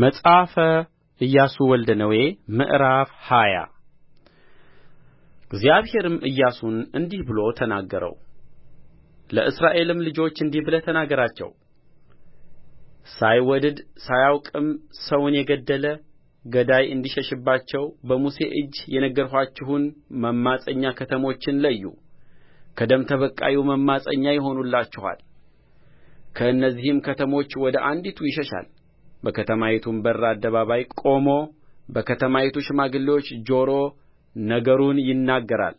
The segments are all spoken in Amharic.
መጽሐፈ ኢያሱ ወልደ ነዌ ምዕራፍ ሃያ እግዚአብሔርም ኢያሱን እንዲህ ብሎ ተናገረው። ለእስራኤልም ልጆች እንዲህ ብለህ ተናገራቸው። ሳይወድድ ሳያውቅም ሰውን የገደለ ገዳይ እንዲሸሽባቸው በሙሴ እጅ የነገርኋችሁን መማፀኛ ከተሞችን ለዩ። ከደም ተበቃዩ መማፀኛ ይሆኑላችኋል። ከእነዚህም ከተሞች ወደ አንዲቱ ይሸሻል በከተማይቱም በር አደባባይ ቆሞ በከተማይቱ ሽማግሌዎች ጆሮ ነገሩን ይናገራል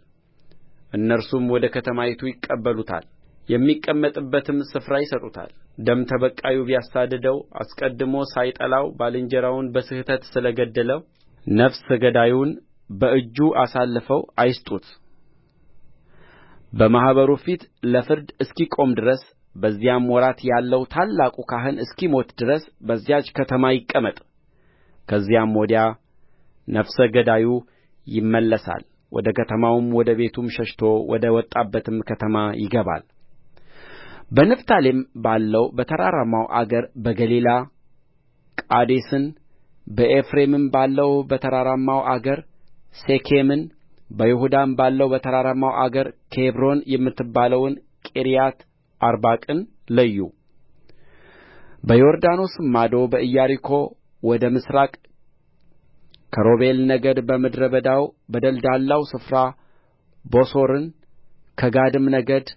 እነርሱም ወደ ከተማይቱ ይቀበሉታል የሚቀመጥበትም ስፍራ ይሰጡታል ደም ተበቃዩ ቢያሳድደው አስቀድሞ ሳይጠላው ባልንጀራውን በስሕተት ስለ ገደለው ነፍሰ ገዳዩን በእጁ አሳልፈው አይስጡት በማኅበሩ ፊት ለፍርድ እስኪቆም ድረስ በዚያም ወራት ያለው ታላቁ ካህን እስኪሞት ድረስ በዚያች ከተማ ይቀመጥ። ከዚያም ወዲያ ነፍሰ ገዳዩ ይመለሳል፣ ወደ ከተማውም ወደ ቤቱም ሸሽቶ ወደ ወጣበትም ከተማ ይገባል። በንፍታሌም ባለው በተራራማው አገር በገሊላ ቃዴስን፣ በኤፍሬምም ባለው በተራራማው አገር ሴኬምን በይሁዳም ባለው በተራራማው አገር ኬብሮን የምትባለውን ቂርያት አርባቅን ለዩ በዮርዳኖስም ማዶ በኢያሪኮ ወደ ምሥራቅ ከሮቤል ነገድ በምድረ በዳው በደልዳላው ስፍራ ቦሶርን ከጋድም ነገድ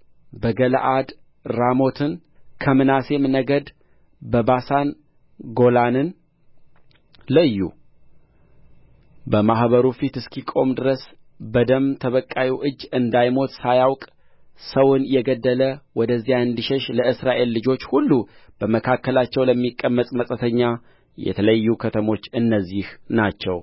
በገለዓድ ራሞትን ከምናሴም ነገድ በባሳን ጎላንን ለዩ በማኅበሩ ፊት እስኪቆም ድረስ በደም ተበቃዩ እጅ እንዳይሞት ሳያውቅ ሰውን የገደለ ወደዚያ እንዲሸሽ ለእስራኤል ልጆች ሁሉ በመካከላቸው ለሚቀመጥ መጻተኛ የተለዩ ከተሞች እነዚህ ናቸው